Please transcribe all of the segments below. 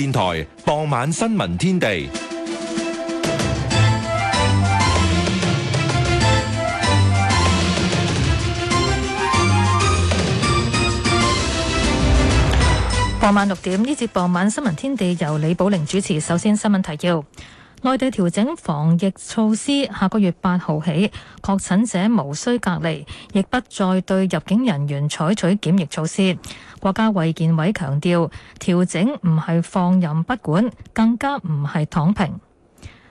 電台傍晚新聞天地，傍晚六點呢節傍晚新聞天地由李寶玲主持。首先，新聞提要。內地調整防疫措施，下個月八號起，確診者無需隔離，亦不再對入境人員採取檢疫措施。國家衛健委強調，調整唔係放任不管，更加唔係躺平。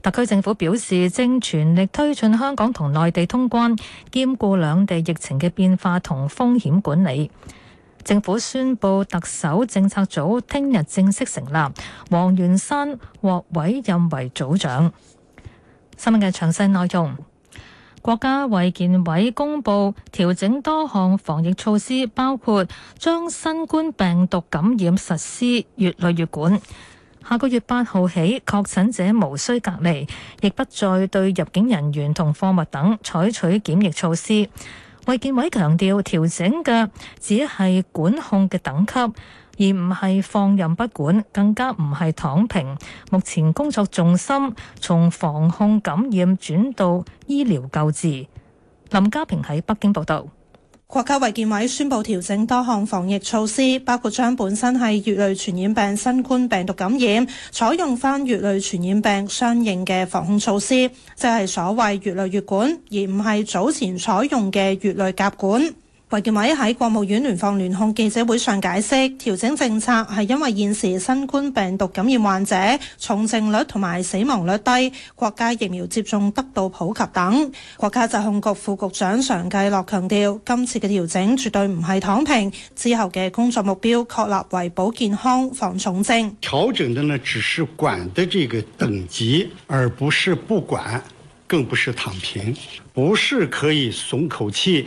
特區政府表示，正全力推進香港同內地通關，兼顧兩地疫情嘅變化同風險管理。政府宣布，特首政策組聽日正式成立，黃元山獲委任為組長。新聞嘅詳細內容，國家衛健委公布調整多項防疫措施，包括將新冠病毒感染實施乙類乙管。下個月八號起，確診者無需隔離，亦不再對入境人員同貨物等採取檢疫措施。衛健委強調，調整嘅只係管控嘅等級，而唔係放任不管，更加唔係躺平。目前工作重心從防控感染轉到醫療救治。林家平喺北京報道。國家衛健委宣布調整多項防疫措施，包括將本身係乙類傳染病新冠病毒感染採用翻乙類傳染病相應嘅防控措施，即係所謂乙類乙管，而唔係早前採用嘅乙類甲管。衛健委喺國務院聯防聯控記者會上解釋，調整政策係因為現時新冠病毒感染患者重症率同埋死亡率低，國家疫苗接種得到普及等。國家疾控局副局長常繼樂強調，今次嘅調整絕對唔係躺平，之後嘅工作目標確立為保健康、防重症。調整的呢，只是管的這個等級，而不是不管，更不是躺平，不是可以鬆口氣。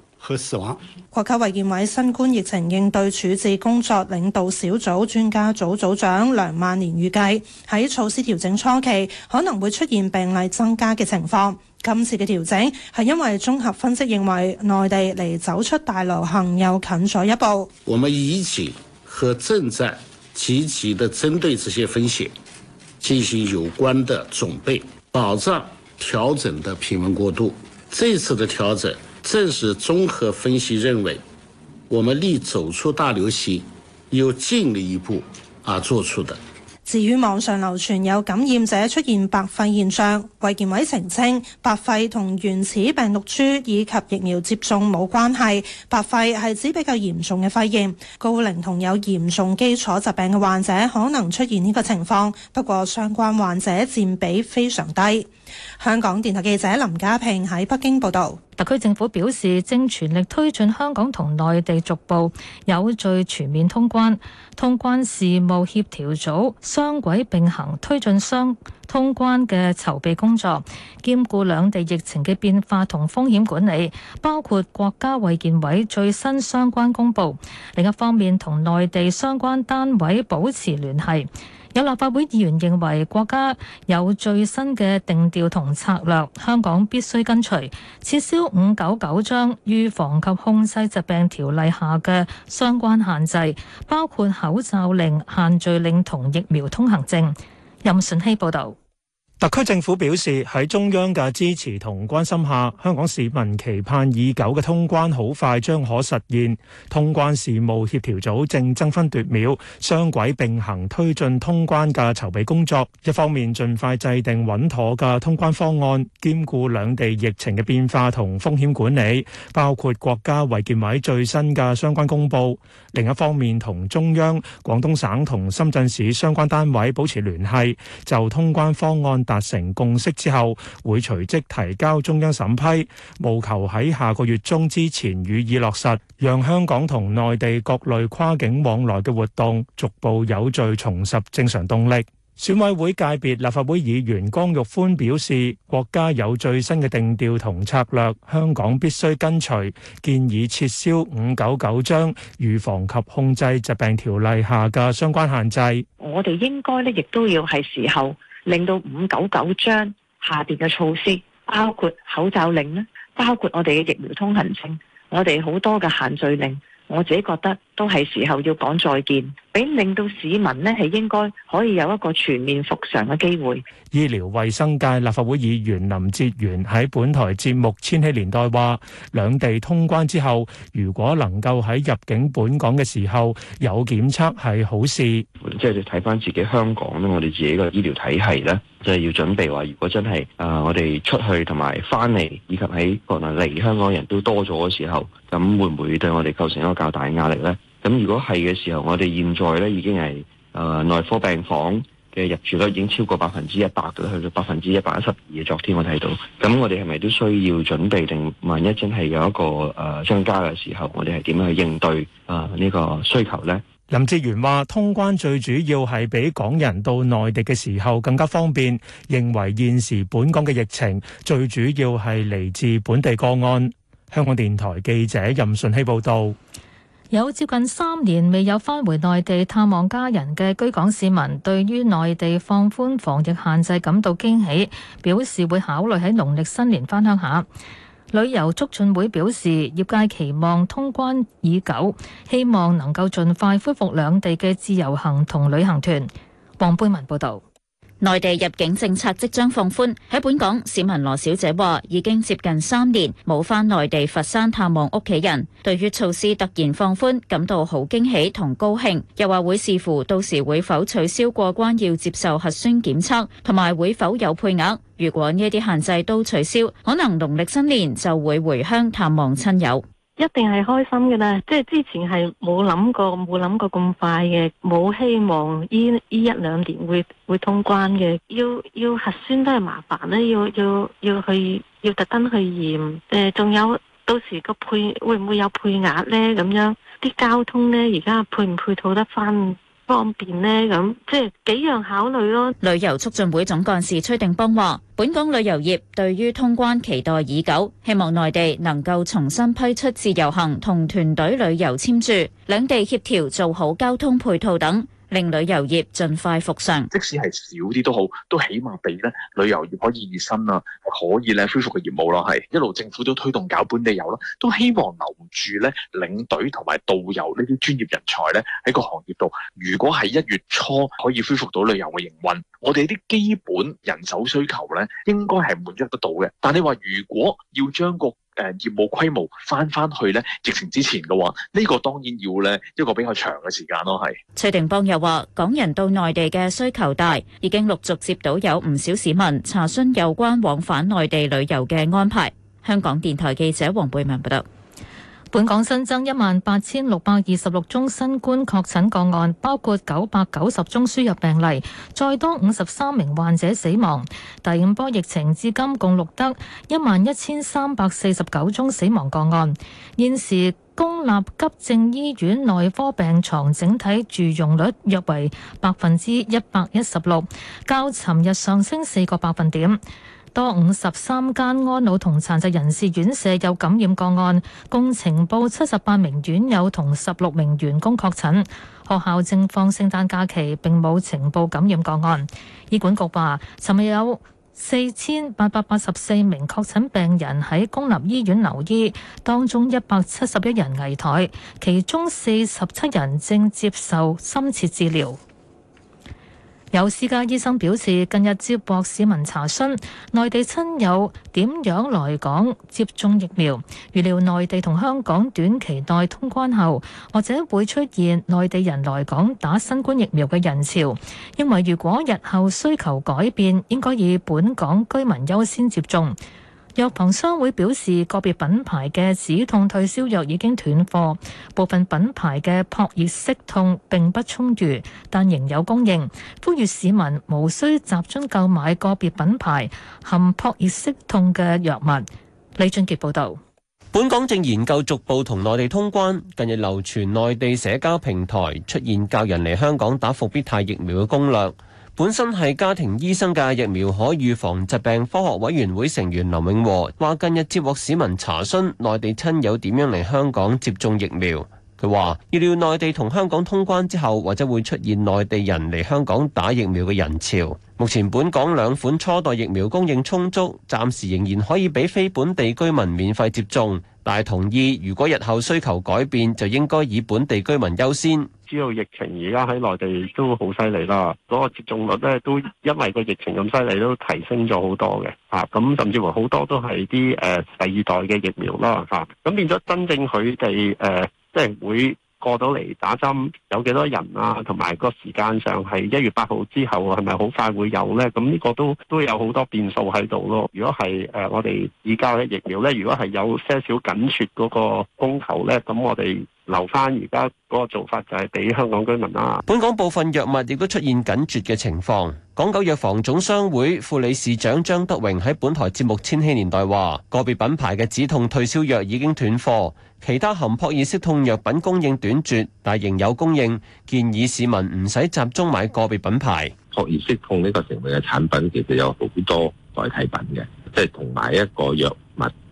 和死亡。國家衛健委新冠疫情應對處置工作領導小組專家組組長梁萬年預計，喺措施調整初期可能會出現病例增加嘅情況。今次嘅調整係因為綜合分析認為，內地離走出大流行又近咗一步。我們已經和正在積極的針對這些風險進行有關的準備，保障調整的平穩過渡。這次的調整，正是綜合分析認為，我們離走出大流行又進了一步而做出的。至於網上流傳有感染者出現白肺現象，衛健委澄清：白肺同原始病毒株以及疫苗接種冇關係，白肺係指比較嚴重嘅肺炎，高齡同有嚴重基礎疾病嘅患者可能出現呢個情況，不過相關患者佔比非常低。香港電台記者林家平喺北京報道，特區政府表示正全力推進香港同內地逐步有序全面通關，通關事務協調組雙軌並行推進雙通關嘅籌備工作，兼顧兩地疫情嘅變化同風險管理，包括國家衛健委最新相關公佈。另一方面，同內地相關單位保持聯繫。有立法會議員認為國家有最新嘅定調同策略，香港必須跟隨，撤銷五九九章《預防及控制疾病條例》下嘅相關限制，包括口罩令、限聚令同疫苗通行證。任順熙報導。特區政府表示，喺中央嘅支持同關心下，香港市民期盼已久嘅通關好快將可實現。通關事務協調組正爭分奪秒，雙軌並行推進通關嘅籌備工作。一方面，盡快制定穩妥嘅通關方案，兼顧兩地疫情嘅變化同風險管理，包括國家衛健委最新嘅相關公布；另一方面，同中央、廣東省同深圳市相關單位保持聯繫，就通關方案。達成共識之後，會隨即提交中央審批，務求喺下個月中之前予以落實，讓香港同內地各類跨境往來嘅活動逐步有序重拾正常動力。選委會界別立法會議員江玉歡表示，國家有最新嘅定調同策略，香港必須跟隨，建議撤銷《五九九章預防及控制疾病條例》下嘅相關限制。我哋應該呢，亦都要係時候。令到五九九章下邊嘅措施，包括口罩令咧，包括我哋嘅疫苗通行證，我哋好多嘅限聚令，我自己覺得，都係時候要講再見，俾令到市民咧係應該可以有一個全面復常嘅機會。醫療衛生界立法會議員林哲玄喺本台節目《千禧年代》話，兩地通關之後，如果能夠喺入境本港嘅時候有檢測，係好事。即係你睇翻自己香港咧，我哋自己嘅醫療體系咧，即係要準備話，如果真係誒，我哋出去同埋翻嚟，以及喺國內嚟香港人都多咗嘅時候，咁會唔會對我哋構成一個較大嘅壓力咧？咁如果係嘅時候，我哋現在咧已經係誒內科病房嘅入住率已經超過百分之一百㗎喇，去到百分之一百一十二。昨天我睇到，咁我哋係咪都需要準備？定萬一真係有一個誒增加嘅時候，我哋係點樣去應對啊？呢個需求咧？林志源話：通關最主要係比港人到內地嘅時候更加方便。認為現時本港嘅疫情最主要係嚟自本地個案。香港電台記者任順希報道。有接近三年未有返回內地探望家人嘅居港市民，對於內地放寬防疫限制感到驚喜，表示會考慮喺農曆新年返鄉下。旅遊促進會表示，業界期望通關已久，希望能夠盡快恢復兩地嘅自由行同旅行團。黃貝文報道。內地入境政策即將放寬，喺本港，市民羅小姐話：已經接近三年冇返內地佛山探望屋企人，對於措施突然放寬感到好驚喜同高興。又話會視乎到時會否取消過關要接受核酸檢測，同埋會否有配額。如果呢啲限制都取消，可能農曆新年就會回鄉探望親友。一定係開心嘅啦，即係之前係冇諗過，冇諗過咁快嘅，冇希望呢呢一兩年會會通關嘅。要要核酸都係麻煩咧，要要要去要特登去驗。誒、呃，仲有到時個配會唔會有配額呢？咁樣啲交通呢，而家配唔配套得返？方便呢，咁即係幾樣考慮咯。旅遊促進會總幹事崔定邦話，本港旅遊業對於通關期待已久，希望內地能夠重新批出自由行同團隊旅遊簽注，兩地協調做好交通配套等。令旅遊業盡快復上，即使係少啲都好，都起碼俾咧旅遊業可以熱身啊，可以咧恢復嘅業務咯。係一路政府都推動搞本地遊咯，都希望留住咧領隊同埋導遊呢啲專業人才咧喺個行業度。如果喺一月初可以恢復到旅遊嘅營運，我哋啲基本人手需求咧應該係滿足得到嘅。但你話如果要將個誒，業務規模翻翻去咧疫情之前嘅話，呢個當然要咧一個比較長嘅時間咯。係。崔定邦又話，港人到內地嘅需求大，已經陸續接到有唔少市民查詢有關往返內地旅遊嘅安排。香港電台記者黃貝文報道。本港新增一萬八千六百二十六宗新冠確診個案，包括九百九十宗輸入病例，再多五十三名患者死亡。第五波疫情至今共錄得一萬一千三百四十九宗死亡個案。現時公立急症醫院內科病床整體住用率約為百分之一百一十六，較尋日上升四個百分點。多五十三間安老同殘疾人士院舍有感染個案，共呈報七十八名院友同十六名員工確診。學校正放聖誕假期，並冇呈報感染個案。醫管局話，尋日有四千八百八十四名確診病人喺公立醫院留醫，當中一百七十一人危殆，其中四十七人正接受深切治療。有私家醫生表示，近日接獲市民查詢，內地親友點樣來港接種疫苗。預料內地同香港短期內通關後，或者會出現內地人來港打新冠疫苗嘅人潮。認為如果日後需求改變，應該以本港居民優先接種。藥房商會表示，個別品牌嘅止痛退燒藥已經斷貨，部分品牌嘅撲熱息痛並不充裕，但仍有供應。呼籲市民無需集中購買個別品牌含撲熱息痛嘅藥物。李俊傑報導，本港正研究逐步同內地通關。近日流傳內地社交平台出現教人嚟香港打復必泰疫苗嘅攻略。本身係家庭醫生嘅疫苗可預防疾病科學委員會成員林永和話：近日接獲市民查詢，內地親友點樣嚟香港接種疫苗。佢話：預料內地同香港通關之後，或者會出現內地人嚟香港打疫苗嘅人潮。目前本港兩款初代疫苗供應充足，暫時仍然可以俾非本地居民免費接種。但係同意，如果日後需求改變，就應該以本地居民優先。知道疫情而家喺內地都好犀利啦，嗰個接種率咧都因為個疫情咁犀利，都提升咗好多嘅。啊，咁甚至乎好多都係啲誒第二代嘅疫苗啦。嚇、啊，咁變咗真正佢哋誒。呃即係會過到嚟打針有幾多人啊？同埋個時間上係一月八號之後係咪好快會有呢？咁呢個都都有好多變數喺度咯。如果係誒、呃，我哋而家嘅疫苗呢，如果係有些少緊缺嗰個供求呢，咁我哋。留返而家嗰個做法就係俾香港居民啦。本港部分藥物亦都出現緊缺嘅情況，港九藥房總商會副理事長張德榮喺本台節目《千禧年代》話個別品牌嘅止痛退燒藥已經斷貨，其他含撲熱息痛藥品供應短缺，但係仍有供應，建議市民唔使集中買個別品牌。撲熱息痛呢個成分嘅產品其實有好多代替品嘅，即係同埋一個藥。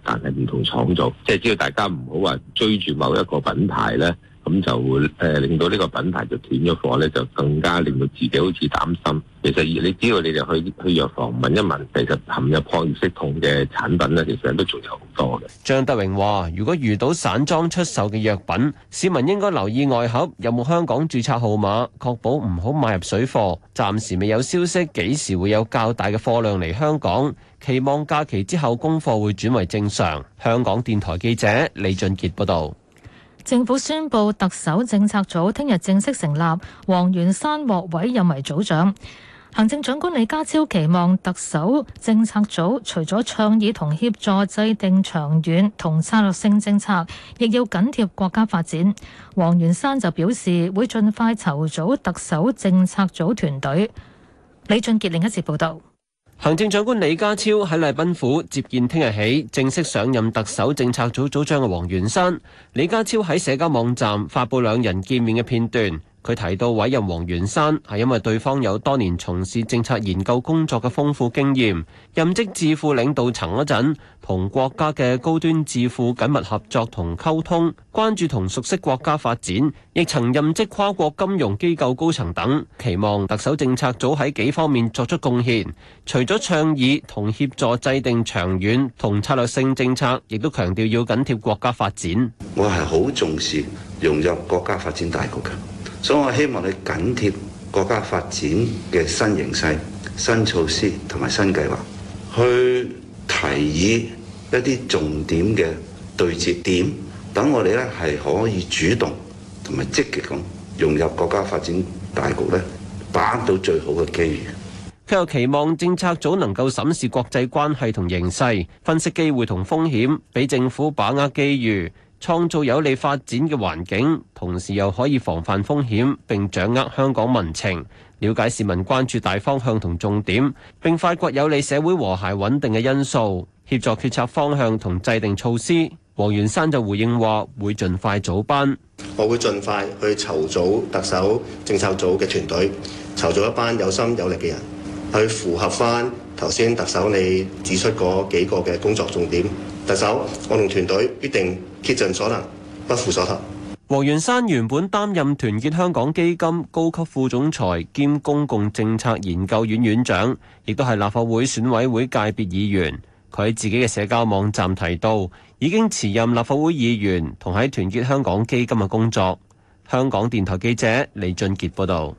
但係唔同廠作，即係只要大家唔好話追住某一個品牌咧。咁就誒，令到呢個品牌就斷咗貨咧，就更加令到自己好似擔心。其實，而你只要你哋去去藥房問一問，其實含有撲熱息痛嘅產品咧，其實都仲有好多嘅。張德榮話，如果遇到散裝出售嘅藥品，市民應該留意外盒有冇香港註冊號碼，確保唔好買入水貨，暫時未有消息幾時會有較大嘅貨量嚟香港，期望假期之後供貨會轉為正常。香港電台記者李俊杰報道。政府宣佈特首政策組聽日正式成立，黃元山獲委任為組長。行政長官李家超期望特首政策組除咗倡議同協助制定長遠同策略性政策，亦要緊貼國家發展。黃元山就表示會盡快籌組特首政策組團隊。李俊傑另一次報道。行政長官李家超喺禮賓府接見，聽日起正式上任特首政策組組長嘅黃元山。李家超喺社交網站發布兩人見面嘅片段。佢提到委任黃元山，係因為對方有多年從事政策研究工作嘅豐富經驗，任職智庫領導層嗰陣，同國家嘅高端智庫緊密合作同溝通，關注同熟悉國家發展，亦曾任職跨國金融機構高層等，期望特首政策組喺幾方面作出貢獻，除咗倡議同協助制定長遠同策略性政策，亦都強調要緊貼國家發展。我係好重視融入國家發展大局嘅。所以我希望你緊貼國家發展嘅新形勢、新措施同埋新計劃，去提議一啲重點嘅對接點，等我哋咧係可以主動同埋積極咁融入國家發展大局咧，把握到最好嘅機遇。佢又期望政策組能夠審視國際關係同形勢，分析機會同風險，俾政府把握機遇。創造有利發展嘅環境，同時又可以防範風險，並掌握香港民情，了解市民關注大方向同重點，並發掘有利社會和諧穩定嘅因素，協助決策方向同制定措施。黃元山就回應話：會盡快組班，我會盡快去籌組特首政策組嘅團隊，籌組一班有心有力嘅人，去符合翻頭先特首你指出嗰幾個嘅工作重點。特首，我同團隊必定竭盡所能，不負所託。黃元山原本擔任團結香港基金高級副總裁兼公共政策研究院院長，亦都係立法會選委會界別議員。佢喺自己嘅社交網站提到，已經辭任立法會議員，同喺團結香港基金嘅工作。香港電台記者李俊傑報道。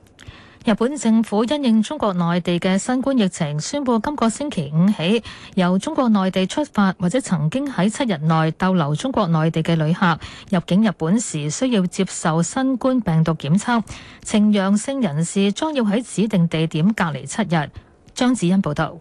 日本政府因應中國內地嘅新冠疫情，宣布，今個星期五起，由中國內地出發，或者曾經喺七日內逗留中國內地嘅旅客，入境日本時需要接受新冠病毒檢測，呈陽性人士將要喺指定地點隔離七日。張子欣報道。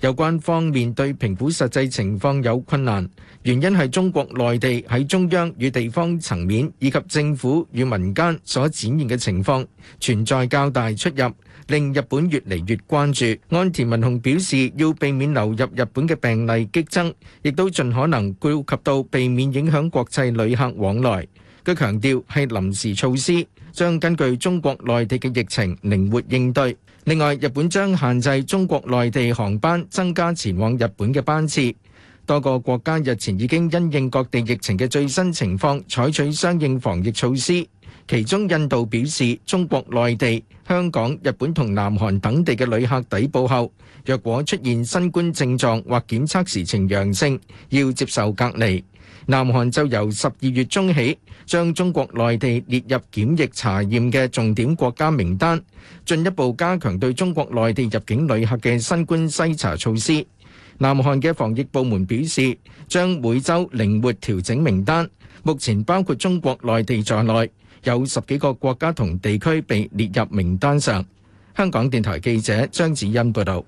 有關方面對評估實際情況有困難。原因係中國內地喺中央與地方層面以及政府與民間所展現嘅情況，存在較大出入，令日本越來越關注。安田文雄表示要避免流入日本嘅病例激增，亦都盡可能顧及到避免影響國際旅客往來。佢強調係臨時措施，將根據中國內地嘅疫情靈活應對。另外，日本將限制中國內地航班，增加前往日本嘅班次。多個國家日前已經因應各地疫情嘅最新情況，採取相應防疫措施。其中，印度表示，中國內地、香港、日本同南韓等地嘅旅客抵埗後，若果出現新冠症狀或檢測時呈陽性，要接受隔離。南韓就由十二月中起將中國內地列入檢疫查驗嘅重點國家名單，進一步加強對中國內地入境旅客嘅新冠篩查措施。南韓嘅防疫部門表示，將每週靈活調整名單，目前包括中國內地在內，有十幾個國家同地區被列入名單上。香港電台記者張子欣報道。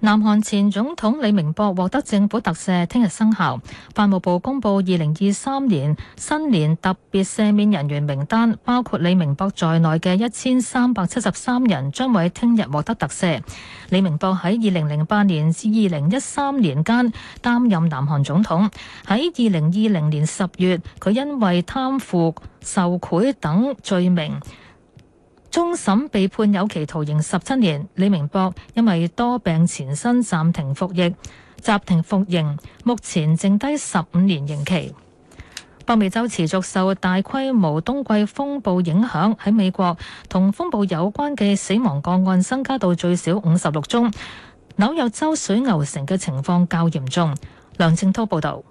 南韓前總統李明博獲得政府特赦，聽日生效。法務部公布二零二三年新年特別赦免人員名單，包括李明博在內嘅一千三百七十三人將會喺聽日獲得特赦。李明博喺二零零八年至二零一三年間擔任南韓總統，喺二零二零年十月，佢因為貪腐、受賄等罪名，終審被判有期徒刑十七年，李明博因為多病纏身暫停服役，暫停服刑，目前剩低十五年刑期。北美洲持續受大規模冬季風暴影響，喺美國同風暴有關嘅死亡個案增加到最少五十六宗。紐約州水牛城嘅情況較嚴重。梁正濤報道。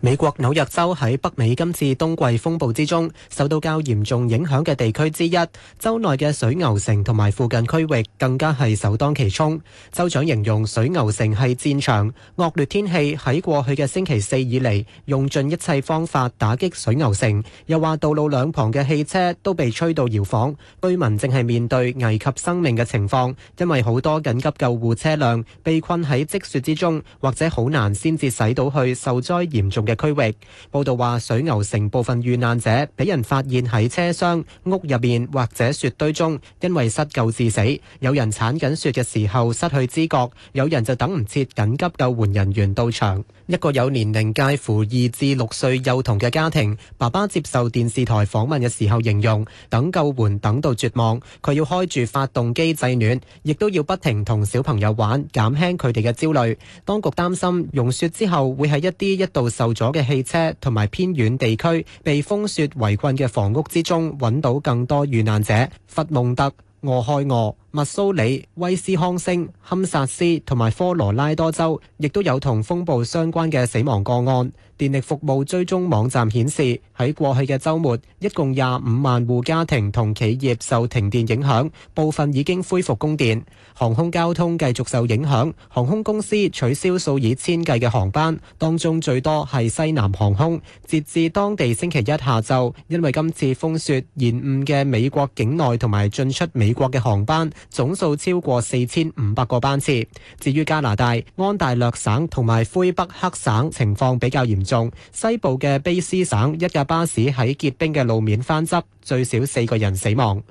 美國紐約州喺北美今次冬季風暴之中受到較嚴重影響嘅地區之一，州內嘅水牛城同埋附近區域更加係首當其衝。州長形容水牛城係戰場，惡劣天氣喺過去嘅星期四以嚟用盡一切方法打擊水牛城，又話道路兩旁嘅汽車都被吹到搖晃，居民淨係面對危及生命嘅情況，因為好多緊急救護車輛被困喺積雪之中，或者好難先至駛到去受災嚴重嘅區域，報道話水牛城部分遇難者俾人發現喺車廂、屋入面或者雪堆中，因為失救致死。有人剷緊雪嘅時候失去知覺，有人就等唔切緊急救援人員到場。一個有年齡介乎二至六歲幼童嘅家庭，爸爸接受電視台訪問嘅時候形容，等救援等到絕望，佢要開住發動機製暖，亦都要不停同小朋友玩，減輕佢哋嘅焦慮。當局擔心融雪之後會喺一啲一度受阻嘅汽車同埋偏遠地區被風雪圍困嘅房屋之中，揾到更多遇難者。弗蒙特俄亥俄、密蘇里、威斯康星、堪薩斯同埋科羅拉多州，亦都有同風暴相關嘅死亡個案。電力服務追蹤網站顯示，喺過去嘅週末，一共廿五萬戶家庭同企業受停電影響，部分已經恢復供電。航空交通繼續受影響，航空公司取消數以千計嘅航班，當中最多係西南航空。截至當地星期一下晝，因為今次風雪延誤嘅美國境內同埋進出美國嘅航班總數超過四千五百個班次。至於加拿大，安大略省同埋魁北克省情況比較嚴重。中西部嘅卑斯省一架巴士喺結冰嘅路面翻側，最少四個人死亡。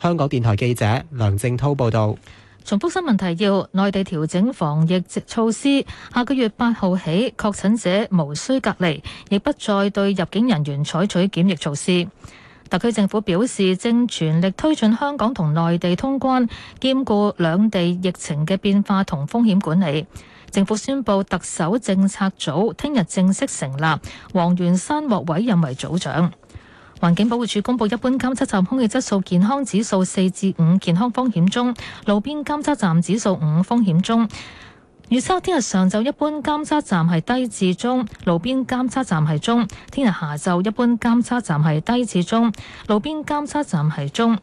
香港電台記者梁正濤報道。重複新聞提要：內地調整防疫措施，下個月八號起，確診者無需隔離，亦不再對入境人員採取檢疫措施。特區政府表示，正全力推進香港同內地通關，兼顧兩地疫情嘅變化同風險管理。政府宣布特首政策組聽日正式成立，黃元山獲委任為組長。環境保護署公布一般監測站空氣質素健康指數四至五，健康風險中；路邊監測站指數五，風險中。預測聽日上晝一般監測站係低至中，路邊監測站係中；聽日下晝一般監測站係低至中，路邊監測站係中。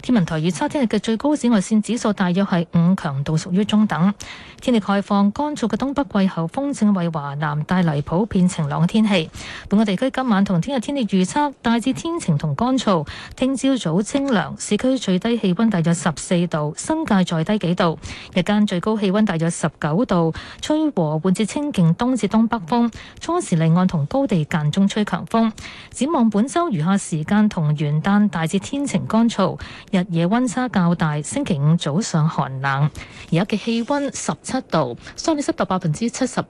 天文台預測，聽日嘅最高紫外線指數大約係五，強度屬於中等。天氣開放，乾燥嘅東北季候風正為華南帶嚟普遍晴朗嘅天氣。本港地區今晚同聽日天氣預測大致天晴同乾燥，聽朝早清涼，市區最低氣温大約十四度，新界再低幾度。日間最高氣温大約十九度，吹和緩至清勁東至東北風，初時離岸同高地間中吹強風。展望本週餘下時間同元旦大致天晴乾燥。日夜温差較大，星期五早上寒冷。而家嘅氣温十七度，相對濕度百分之七十二。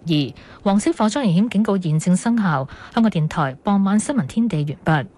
黃色火災危險警告現正生效。香港電台傍晚新聞天地完畢。